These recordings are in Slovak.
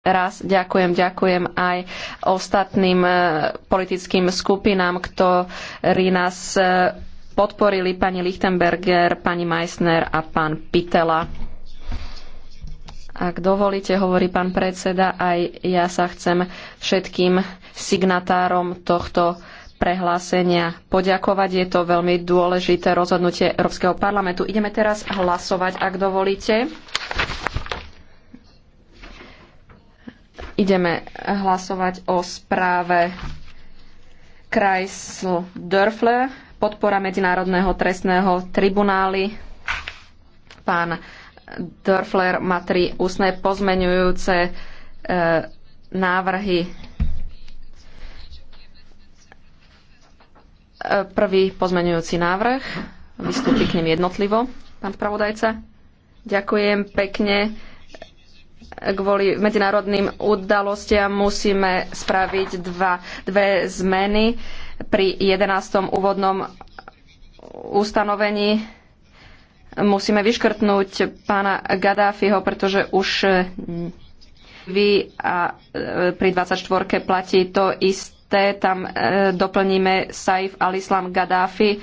raz ďakujem, ďakujem aj ostatným e, politickým skupinám, ktorí nás e, podporili, pani Lichtenberger, pani Meissner a pán Pitela. Ak dovolíte, hovorí pán predseda, aj ja sa chcem všetkým signatárom tohto prehlásenia poďakovať. Je to veľmi dôležité rozhodnutie Európskeho parlamentu. Ideme teraz hlasovať, ak dovolíte. Ideme hlasovať o správe Kreisl Dörfle, podpora Medzinárodného trestného tribunály. Pán Dörfler má tri ústne pozmenujúce e, návrhy. E, prvý pozmenujúci návrh. Vystúpi k nim jednotlivo, pán spravodajca. Ďakujem pekne kvôli medzinárodným udalostiam musíme spraviť dva, dve zmeny pri 11. úvodnom ustanovení. Musíme vyškrtnúť pána Gaddafiho, pretože už e, vy a e, pri 24. platí to isté. Tam e, doplníme Saif al-Islam Gaddafi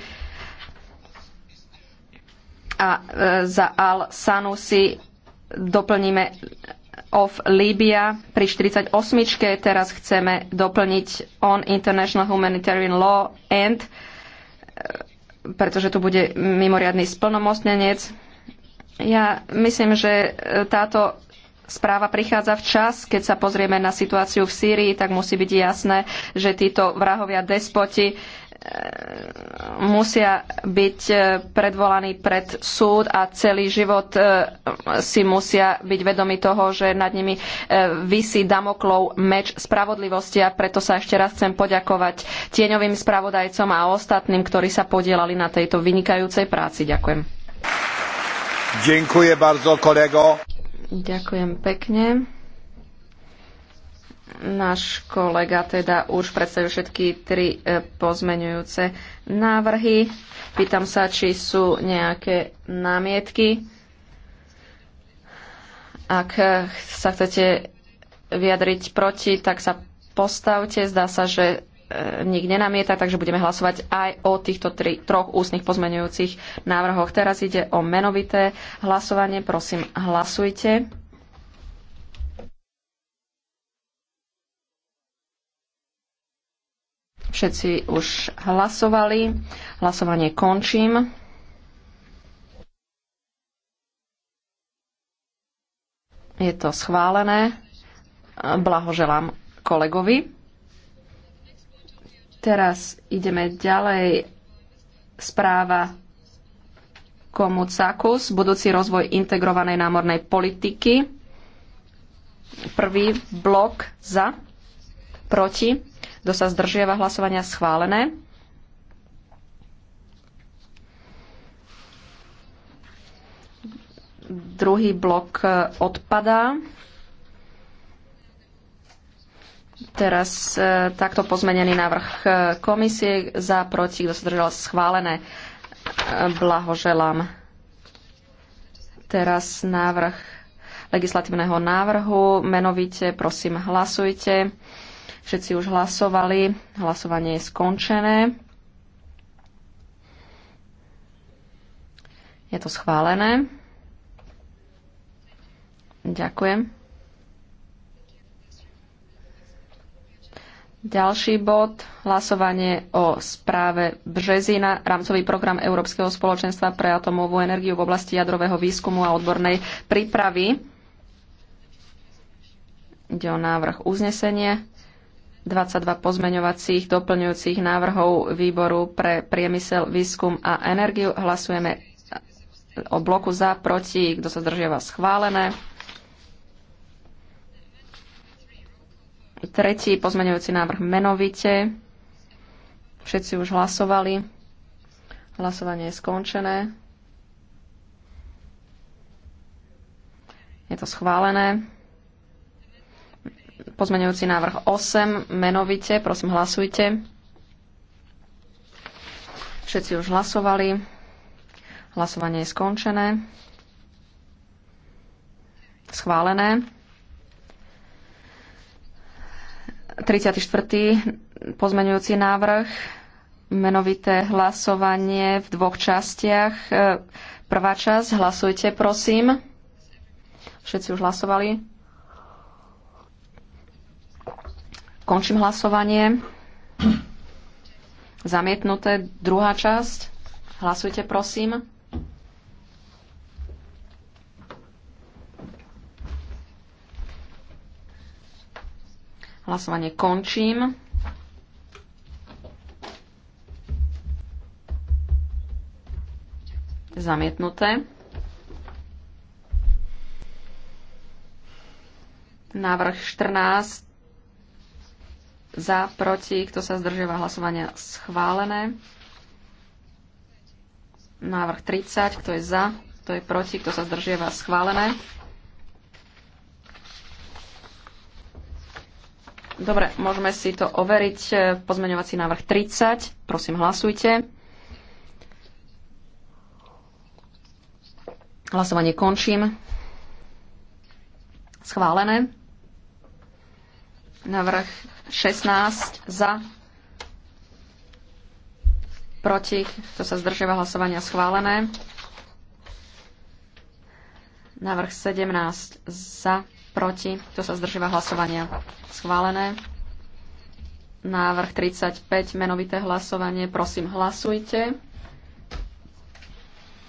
a za al-Sanusi doplníme of Libya pri 48. Teraz chceme doplniť on International Humanitarian Law and eh, pretože tu bude mimoriadný splnomocnenec. Ja myslím, že eh, táto správa prichádza včas, keď sa pozrieme na situáciu v Sýrii, tak musí byť jasné, že títo vrahovia despoti musia byť e, predvolaní pred súd a celý život e, si musia byť vedomi toho, že nad nimi e, visí Damoklov meč spravodlivosti a preto sa ešte raz chcem poďakovať tieňovým spravodajcom a ostatným, ktorí sa podielali na tejto vynikajúcej práci. Ďakujem. Ďakujem, bardzo, Ďakujem pekne. Náš kolega teda už predstavil všetky tri e, pozmeňujúce návrhy. Pýtam sa, či sú nejaké námietky. Ak sa chcete vyjadriť proti, tak sa postavte. Zdá sa, že e, nik nenamieta, takže budeme hlasovať aj o týchto tri, troch ústnych pozmeňujúcich návrhoch. Teraz ide o menovité hlasovanie. Prosím, hlasujte. Všetci už hlasovali. Hlasovanie končím. Je to schválené. Blahoželám kolegovi. Teraz ideme ďalej. Správa Cakus, budúci rozvoj integrovanej námornej politiky. Prvý blok za, proti kto sa zdržiava hlasovania? Schválené. Druhý blok e, odpadá. Teraz e, takto pozmenený návrh e, komisie za proti, kto sa držal schválené. E, blahoželám. Teraz návrh legislatívneho návrhu. Menovite, prosím, hlasujte. Všetci už hlasovali. Hlasovanie je skončené. Je to schválené. Ďakujem. Ďalší bod, hlasovanie o správe Březina, rámcový program Európskeho spoločenstva pre atomovú energiu v oblasti jadrového výskumu a odbornej prípravy. Ide o návrh uznesenie. 22 pozmeňovacích doplňujúcich návrhov výboru pre priemysel, výskum a energiu. Hlasujeme o bloku za, proti, kto sa zdržiava schválené. Tretí pozmeňujúci návrh menovite. Všetci už hlasovali. Hlasovanie je skončené. Je to schválené. Pozmeňujúci návrh 8, menovite, prosím hlasujte. Všetci už hlasovali. Hlasovanie je skončené. Schválené. 34. pozmeňujúci návrh. Menovité hlasovanie v dvoch častiach. Prvá časť, hlasujte prosím. Všetci už hlasovali. Končím hlasovanie. Zamietnuté druhá časť. Hlasujte, prosím. Hlasovanie končím. Zamietnuté. Návrh 14 za, proti, kto sa zdržiava hlasovania schválené. Návrh 30, kto je za, kto je proti, kto sa zdržiava schválené. Dobre, môžeme si to overiť. Pozmeňovací návrh 30. Prosím, hlasujte. Hlasovanie končím. Schválené. Navrh 16 za, proti, to sa zdržiava hlasovania schválené. Navrh 17 za, proti, to sa zdržiava hlasovania schválené. Návrh 35, menovité hlasovanie, prosím hlasujte.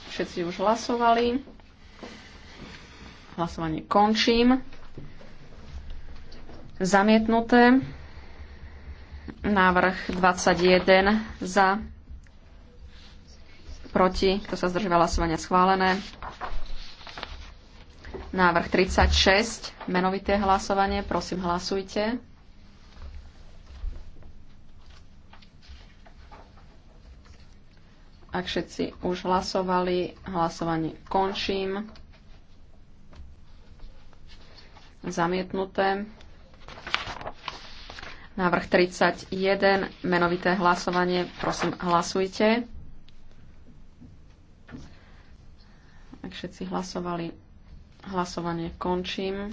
Všetci už hlasovali. Hlasovanie končím. Zamietnuté. Návrh 21 za. Proti. Kto sa zdržíva hlasovania? Schválené. Návrh 36. Menovité hlasovanie. Prosím, hlasujte. Ak všetci už hlasovali, hlasovanie končím. Zamietnuté. Návrh 31, menovité hlasovanie. Prosím, hlasujte. Ak všetci hlasovali, hlasovanie končím.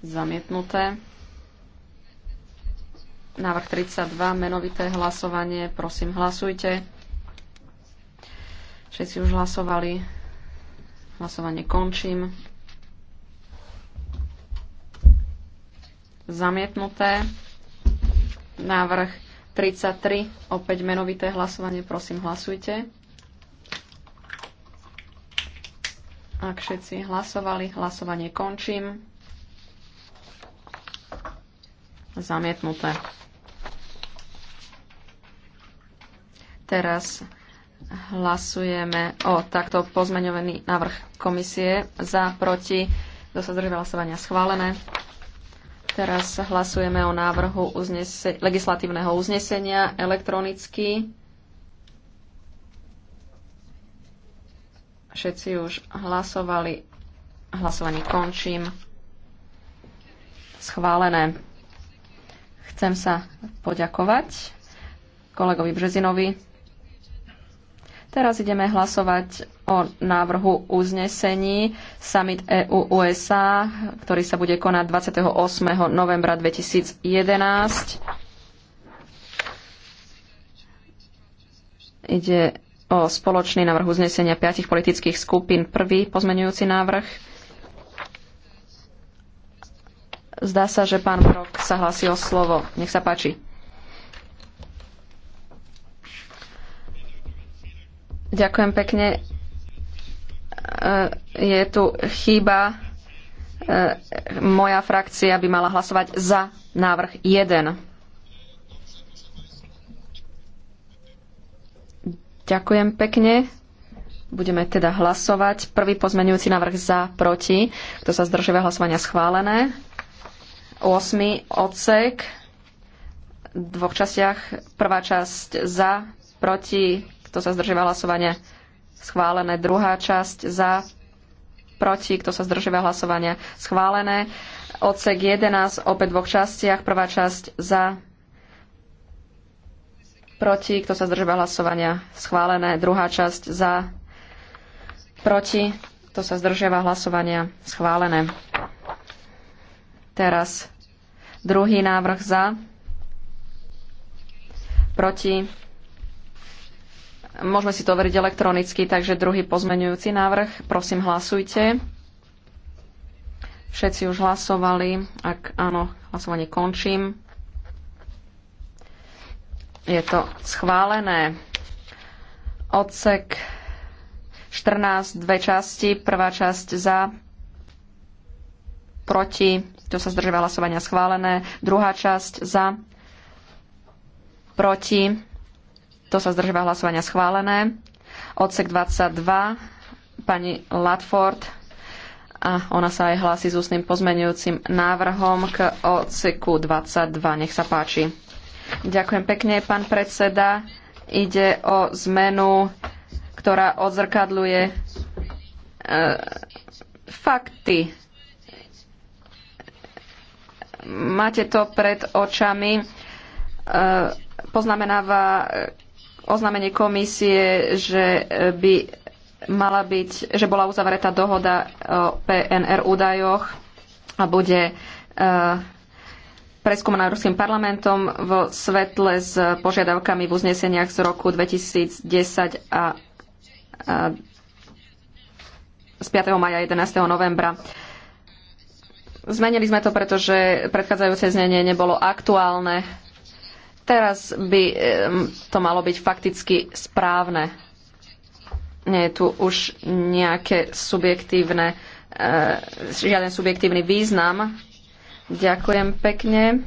Zamietnuté. Návrh 32, menovité hlasovanie. Prosím, hlasujte. Všetci už hlasovali. Hlasovanie končím. zamietnuté. Návrh 33, opäť menovité hlasovanie, prosím hlasujte. Ak všetci hlasovali, hlasovanie končím. Zamietnuté. Teraz hlasujeme o takto pozmeňovaný návrh komisie za, proti, kto sa hlasovania schválené. Teraz hlasujeme o návrhu uznese- legislatívneho uznesenia elektronicky. Všetci už hlasovali. Hlasovanie končím. Schválené. Chcem sa poďakovať kolegovi Březinovi Teraz ideme hlasovať o návrhu uznesení Summit EU-USA, ktorý sa bude konať 28. novembra 2011. Ide o spoločný návrh uznesenia piatich politických skupín. Prvý pozmenujúci návrh. Zdá sa, že pán Brok sa hlasí o slovo. Nech sa páči. Ďakujem pekne. E, je tu chyba. E, moja frakcia by mala hlasovať za návrh 1. Ďakujem pekne. Budeme teda hlasovať. Prvý pozmenujúci návrh za, proti. Kto sa zdržuje hlasovania schválené. 8. odsek. V dvoch častiach. Prvá časť za, proti, kto sa zdržiava hlasovania, schválené. Druhá časť za, proti, kto sa zdržiava hlasovania, schválené. Odsek 11, opäť dvoch častiach. Prvá časť za, proti, kto sa zdržiava hlasovania, schválené. Druhá časť za, proti, kto sa zdržiava hlasovania, schválené. Teraz druhý návrh za, proti, Môžeme si to overiť elektronicky, takže druhý pozmenujúci návrh. Prosím, hlasujte. Všetci už hlasovali. Ak áno, hlasovanie končím. Je to schválené. Odsek 14, dve časti. Prvá časť za, proti, to sa zdržíva hlasovania schválené. Druhá časť za, proti, kto sa zdržíva hlasovania schválené? Odsek 22, pani Latford. A ona sa aj hlási s ústnym pozmenujúcim návrhom k odseku 22. Nech sa páči. Ďakujem pekne, pán predseda. Ide o zmenu, ktorá odzrkadľuje e, fakty máte to pred očami, e, poznamenáva oznámenie komisie, že e, by mala byť, že bola uzavretá dohoda o PNR údajoch a bude e, preskúmaná Ruským parlamentom vo svetle s požiadavkami v uzneseniach z roku 2010 a, a z 5. maja 11. novembra. Zmenili sme to, pretože predchádzajúce znenie nebolo aktuálne Teraz by to malo byť fakticky správne. Nie je tu už nejaké subjektívne, eh, žiaden subjektívny význam. Ďakujem pekne.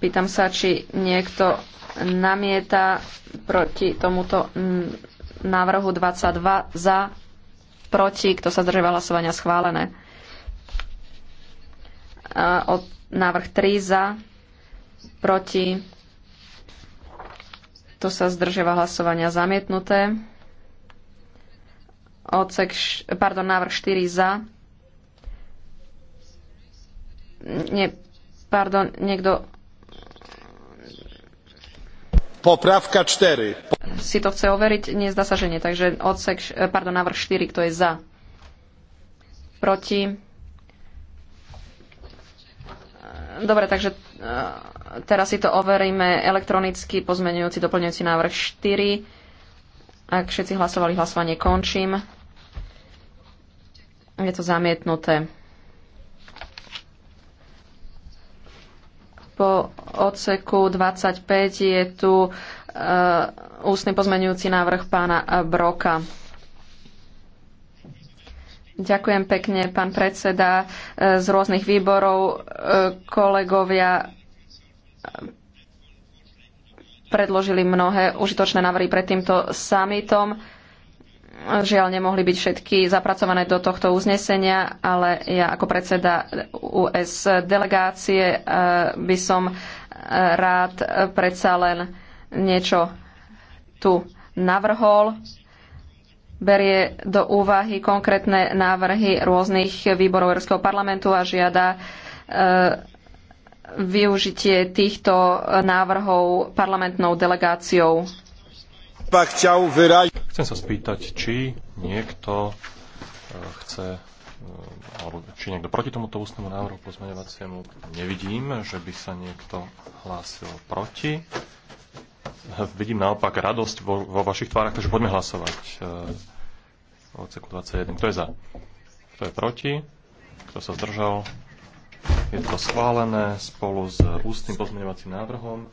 Pýtam sa, či niekto namieta proti tomuto návrhu 22 za, proti, kto sa zdržia hlasovania schválené. Eh, od návrh 3 za, proti, to sa zdržiava hlasovania zamietnuté. Odsek, pardon, návrh 4 za. Nie, pardon, niekto... Poprávka 4. Si to chce overiť? Nie, zdá sa, že nie. Takže odsek, pardon, návrh 4, kto je za? Proti? Dobre, takže e, teraz si to overíme elektronicky, pozmenujúci, doplňujúci návrh 4. Ak všetci hlasovali, hlasovanie končím. Je to zamietnuté. Po odseku 25 je tu e, ústny pozmenujúci návrh pána Broka. Ďakujem pekne, pán predseda. E, z rôznych výborov e, kolegovia e, predložili mnohé užitočné návrhy pred týmto summitom. Žiaľ, nemohli byť všetky zapracované do tohto uznesenia, ale ja ako predseda US delegácie by som rád predsa len niečo tu navrhol berie do úvahy konkrétne návrhy rôznych výborov Európskeho parlamentu a žiada e, využitie týchto návrhov parlamentnou delegáciou. Chcem sa spýtať, či niekto e, chce e, alebo či niekto proti tomuto ústnemu návrhu pozmeňovaciemu nevidím, že by sa niekto hlásil proti. Vidím naopak radosť vo, vo vašich tvárach, takže poďme hlasovať odseku 21. Kto je za? Kto je proti? Kto sa zdržal? Je to schválené spolu s ústnym pozmeňovacím návrhom.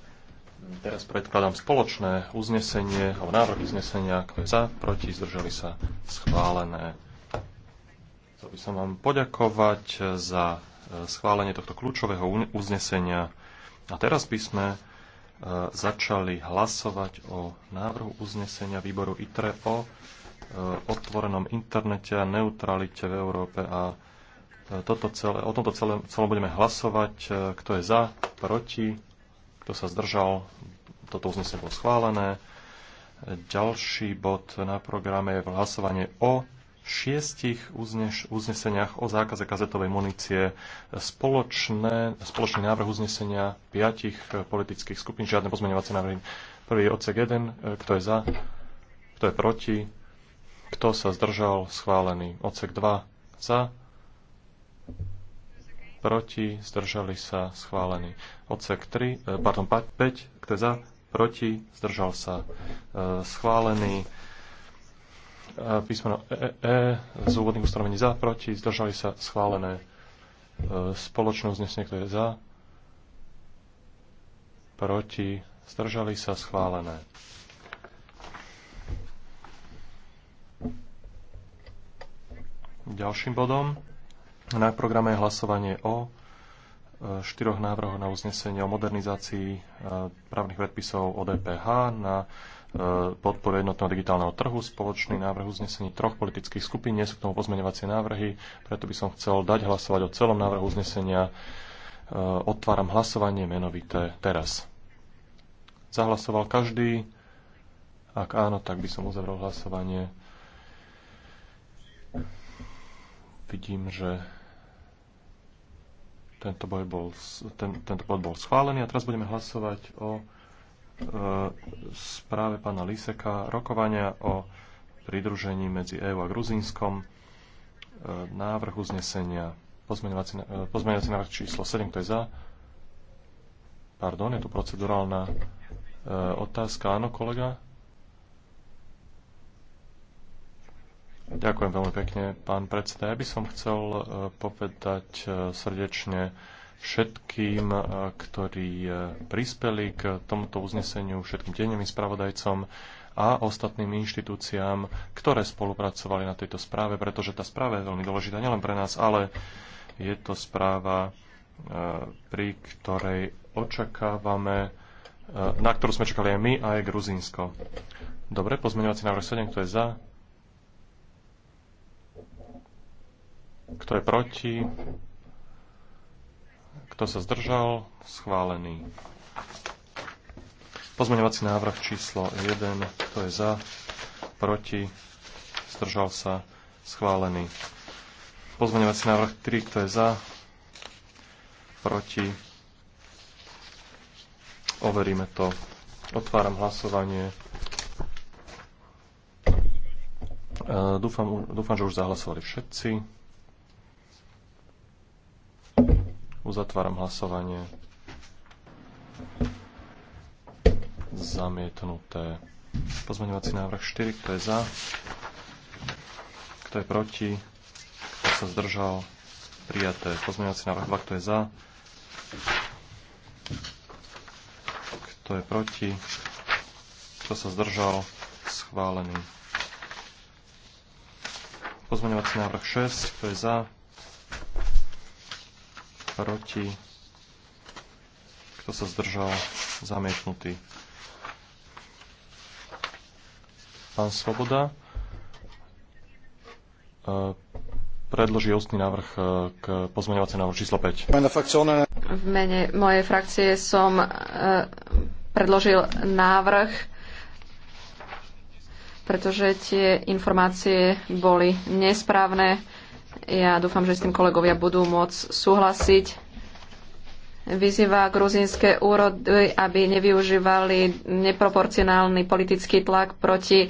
Teraz predkladám spoločné uznesenie, alebo návrh uznesenia, kto je za, proti, zdržali sa, schválené. Chcel by som vám poďakovať za e, schválenie tohto kľúčového uznesenia. A teraz by sme e, začali hlasovať o návrhu uznesenia výboru ITRE o Eh, otvorenom internete a neutralite v Európe a eh, toto celé, o tomto celom, celom budeme hlasovať. Eh, kto je za, proti, kto sa zdržal, toto uznesenie bolo schválené. Ďalší bod na programe je hlasovanie o šiestich uzneš, uzneseniach o zákaze kazetovej munície. Spoločné, spoločný návrh uznesenia piatich politických skupín, žiadne pozmeňovacie návrhy. Prvý je odsek 1, kto je za, kto je proti, kto sa zdržal? Schválený. Odsek 2. Za. Proti. Zdržali sa. Schválený. Odsek 3. E, pardon, 5. Kto je za? Proti. Zdržal sa. E, schválený. E, písmeno E, e z úvodných ustanovení za, proti, zdržali sa, schválené. Spoločnosť dnes niekto je za, proti, zdržali sa, schválené. Ďalším bodom na programe je hlasovanie o e, štyroch návrhoch na uznesenie o modernizácii e, právnych predpisov o DPH na e, podporu jednotného digitálneho trhu, spoločný návrh uznesení troch politických skupín, nie sú k tomu pozmeňovacie návrhy, preto by som chcel dať hlasovať o celom návrhu uznesenia. Otváram hlasovanie menovité teraz. Zahlasoval každý. Ak áno, tak by som uzavrel hlasovanie. Vidím, že tento, bod bol, ten, tento bod bol schválený a teraz budeme hlasovať o e, správe pána Liseka rokovania o pridružení medzi EÚ a Gruzínskom e, návrh uznesenia pozmeňovací, e, pozmeňovací návrh číslo 7, kto je za pardon, je tu procedurálna e, otázka, áno kolega Ďakujem veľmi pekne, pán predseda. Ja by som chcel e, povedať e, srdečne všetkým, e, ktorí prispeli k tomuto uzneseniu, všetkým denným spravodajcom a ostatným inštitúciám, ktoré spolupracovali na tejto správe, pretože tá správa je veľmi dôležitá nielen pre nás, ale je to správa, pri ktorej očakávame, na ktorú sme čakali aj my, aj Gruzínsko. Dobre, pozmeňovací návrh 7, kto je za? Kto je proti? Kto sa zdržal? Schválený. Pozmeňovací návrh číslo 1. Kto je za? Proti? Zdržal sa? Schválený. Pozmeňovací návrh 3. Kto je za? Proti? Overíme to. Otváram hlasovanie. E, dúfam, dúfam, že už zahlasovali všetci. Uzatváram hlasovanie. Zamietnuté. Pozmeňovací návrh 4, kto je za, kto je proti, kto sa zdržal, prijaté. Pozmeňovací návrh 2, kto je za, kto je proti, kto sa zdržal, schválený. Pozmeňovací návrh 6, kto je za, proti, kto sa zdržal, zamietnutý. Pán Svoboda e, predloží ústny návrh e, k pozmeňovací návrh číslo 5. V mene mojej frakcie som e, predložil návrh, pretože tie informácie boli nesprávne ja dúfam, že s tým kolegovia budú môcť súhlasiť. Vyzýva gruzínske úrody, aby nevyužívali neproporcionálny politický tlak proti e,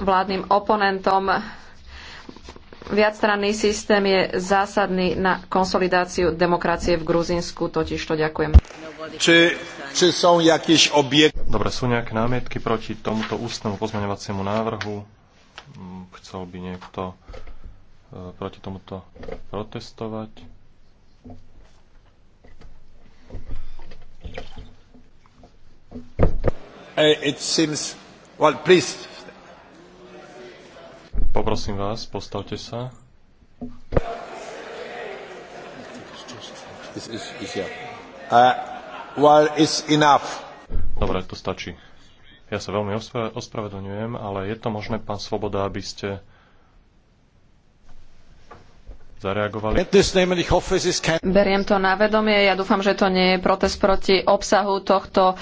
vládnym oponentom. Viacstranný systém je zásadný na konsolidáciu demokracie v Gruzínsku, totiž to ďakujem. Či, či sú Dobre, sú nejaké námietky proti tomuto ústnemu pozmeňovaciemu návrhu? Hm, chcel by niekto E, proti tomuto protestovať. It seems... well, please. Poprosím vás, postavte sa. Is, is, is, uh, well, it's enough. Dobre, to stačí. Ja sa veľmi ospravedlňujem, ale je to možné, pán Svoboda, aby ste zareagovali. Beriem to na vedomie. Ja dúfam, že to nie je protest proti obsahu tohto e,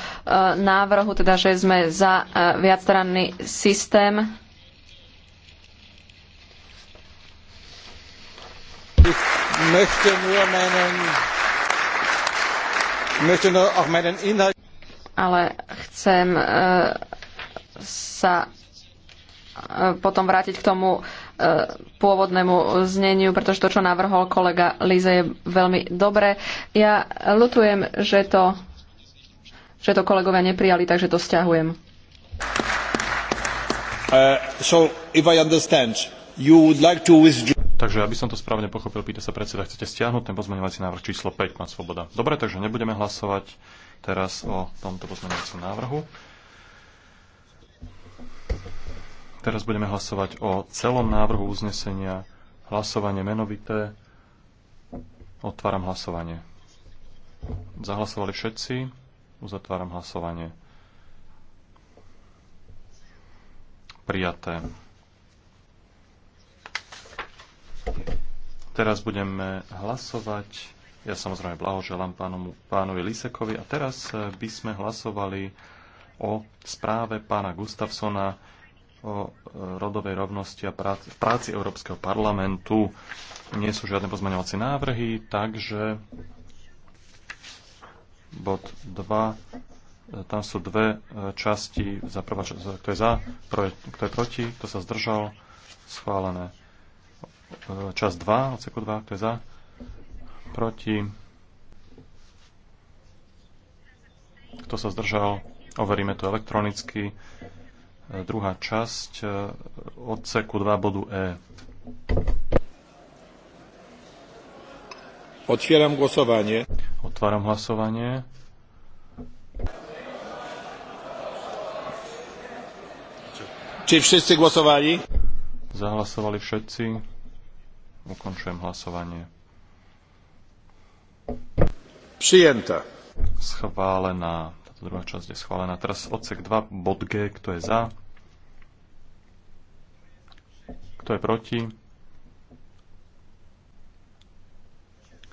návrhu, teda že sme za e, viacstranný systém. Ale chcem e, sa potom vrátiť k tomu pôvodnému zneniu, pretože to, čo navrhol kolega Líze, je veľmi dobré. Ja lutujem, že to, že to kolegovia neprijali, takže to stiahujem. Uh, so, if I understand, you would like to withdraw... Takže aby som to správne pochopil, pýta sa predseda, chcete stiahnuť ten pozmeňovací návrh číslo 5, má Svoboda. Dobre, takže nebudeme hlasovať teraz o tomto pozmeňovacom návrhu. Teraz budeme hlasovať o celom návrhu uznesenia. Hlasovanie menovité. Otváram hlasovanie. Zahlasovali všetci. Uzatváram hlasovanie. Prijaté. Teraz budeme hlasovať. Ja samozrejme blahoželám pánu, pánovi Lisekovi. A teraz eh, by sme hlasovali o správe pána Gustafsona o e, rodovej rovnosti a práci, práci Európskeho parlamentu nie sú žiadne pozmeňovacie návrhy, takže bod 2, e, tam sú dve e, časti, za prvá, kto je za, kto je proti, kto sa zdržal, schválené. Čas 2, odseku 2, kto je za, proti, kto sa zdržal, overíme to elektronicky druhá časť e, odseku 2 bodu E. Otvieram hlasovanie. Otváram hlasovanie. Či všetci hlasovali? Zahlasovali všetci. Ukončujem hlasovanie. Prijenta. Schválená druhá časť je schválená. Teraz odsek 2, bod G, kto je za? Kto je proti?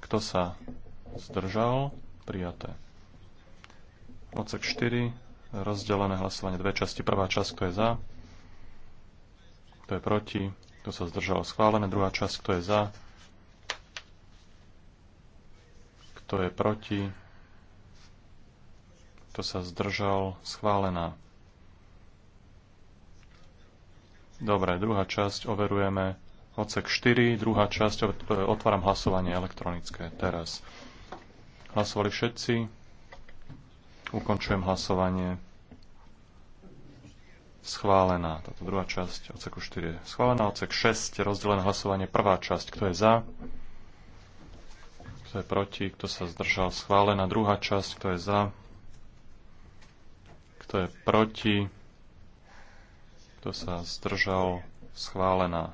Kto sa zdržal? Prijaté. Odsek 4, rozdelené hlasovanie dve časti. Prvá časť, kto je za? Kto je proti? Kto sa zdržal? Schválené. Druhá časť, kto je za? Kto je proti? Kto sa zdržal? Schválená. Dobre, druhá časť overujeme. Odsek 4, druhá časť, e, otváram hlasovanie elektronické teraz. Hlasovali všetci. Ukončujem hlasovanie. Schválená táto druhá časť odseku 4. Schválená odsek 6, rozdelené hlasovanie prvá časť. Kto je za? Kto je proti? Kto sa zdržal? Schválená druhá časť. Kto je za? Kto je proti? Kto sa zdržal? Schválená.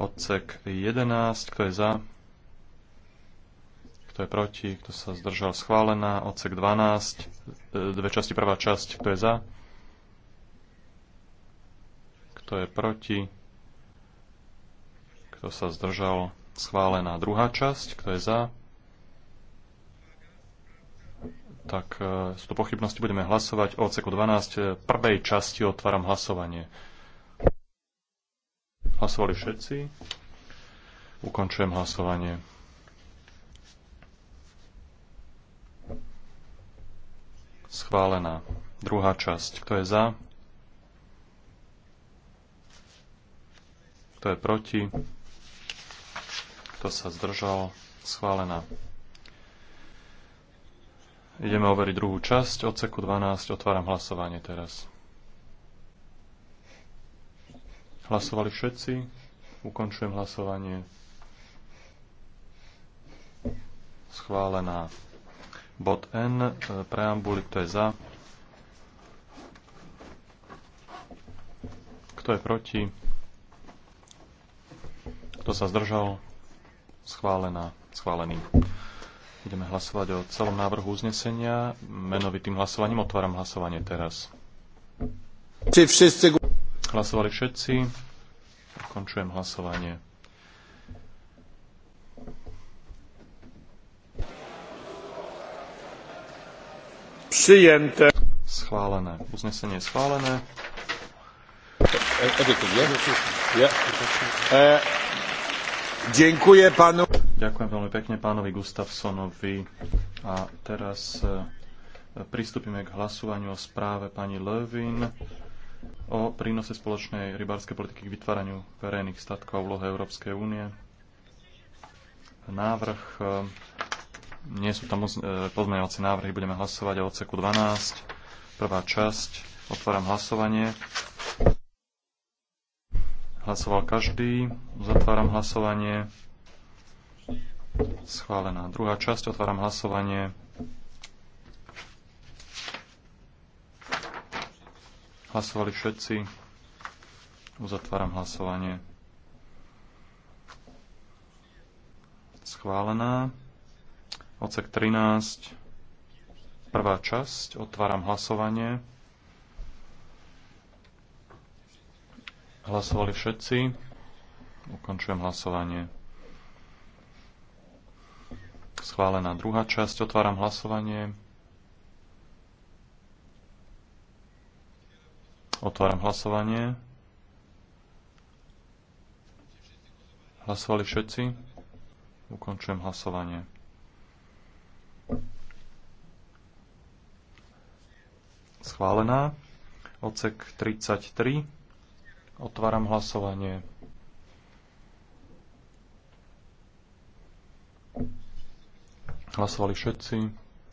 Odsek 11. Kto je za? Kto je proti? Kto sa zdržal? Schválená. Odsek 12. E, dve časti. Prvá časť. Kto je za? Kto je proti? Kto sa zdržal? Schválená. Druhá časť. Kto je za? tak z e, tu pochybnosti. Budeme hlasovať o odseku 12. E, Prvej časti otváram hlasovanie. Hlasovali všetci. Ukončujem hlasovanie. Schválená. Druhá časť. Kto je za? Kto je proti? Kto sa zdržal? Schválená. Ideme overiť druhú časť. Odseku 12. Otváram hlasovanie teraz. Hlasovali všetci. Ukončujem hlasovanie. Schválená. Bod N. E, Preambuly. Kto je za? Kto je proti? Kto sa zdržal? Schválená. Schválený. Ideme hlasovať o celom návrhu uznesenia. Menovitým hlasovaním otváram hlasovanie teraz. Hlasovali všetci. Končujem hlasovanie. Přijente. Schválené. Uznesenie je schválené. E, Panu... Ďakujem veľmi pekne pánovi Gustafsonovi. A teraz e, pristúpime k hlasovaniu o správe pani Lövin o prínose spoločnej rybárskej politiky k vytváraniu verejných statkov a úlohe Európskej únie. Návrh, e, nie sú tam e, pozmeňovacie návrhy, budeme hlasovať o odseku 12, prvá časť, otváram hlasovanie. Hlasoval každý. Zatváram hlasovanie. Schválená. Druhá časť. Otváram hlasovanie. Hlasovali všetci. Uzatváram hlasovanie. Schválená. ocek 13. Prvá časť. Otváram hlasovanie. Hlasovali všetci. Ukončujem hlasovanie. Schválená druhá časť. Otváram hlasovanie. Otváram hlasovanie. Hlasovali všetci. Ukončujem hlasovanie. Schválená. Ocek 33. Otváram hlasovanie. Hlasovali všetci.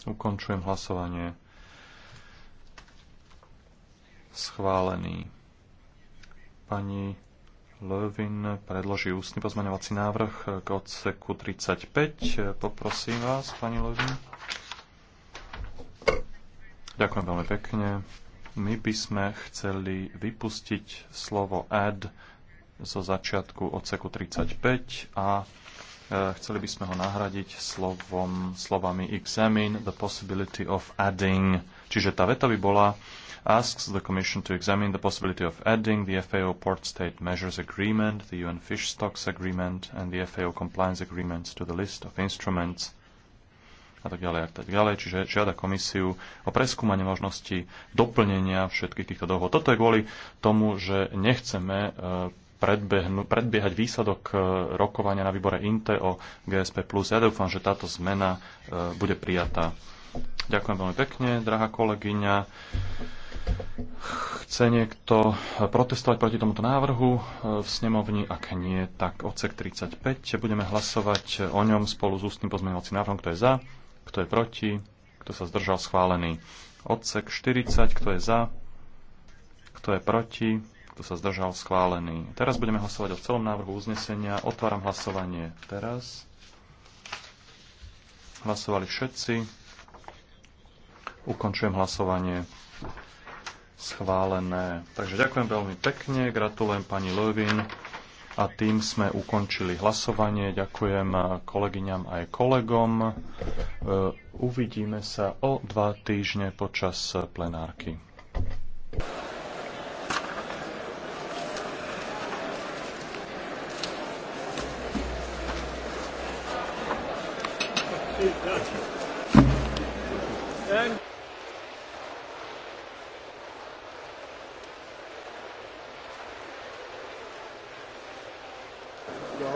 Ukončujem hlasovanie. Schválený. Pani Lövin predloží ústny pozmaňovací návrh k odseku 35. Poprosím vás, pani Lövin. Ďakujem veľmi pekne. My by sme chceli vypustiť slovo add zo začiatku odseku 35 a e, chceli by sme ho nahradiť slovom, slovami examine the possibility of adding. Čiže tá veta by bola asks the Commission to examine the possibility of adding the FAO Port State Measures Agreement, the UN Fish Stocks Agreement and the FAO Compliance Agreements to the list of instruments a tak ďalej a tak ďalej. Čiže žiada komisiu o preskúmanie možnosti doplnenia všetkých týchto dohod. Toto je kvôli tomu, že nechceme e, predbiehať výsledok e, rokovania na výbore INTE o GSP+. Ja dúfam, že táto zmena e, bude prijatá. Ďakujem veľmi pekne, drahá kolegyňa. Chce niekto protestovať proti tomuto návrhu v snemovni? Ak nie, tak odsek 35. Budeme hlasovať o ňom spolu s ústnym pozmeňovacím návrhom, kto je za, kto je proti? Kto sa zdržal? Schválený. Odsek 40. Kto je za? Kto je proti? Kto sa zdržal? Schválený. Teraz budeme hlasovať o celom návrhu uznesenia. Otváram hlasovanie teraz. Hlasovali všetci. Ukončujem hlasovanie. Schválené. Takže ďakujem veľmi pekne. Gratulujem pani Lovin. A tým sme ukončili hlasovanie. Ďakujem kolegyňam aj kolegom. E, uvidíme sa o dva týždne počas plenárky. Thank you.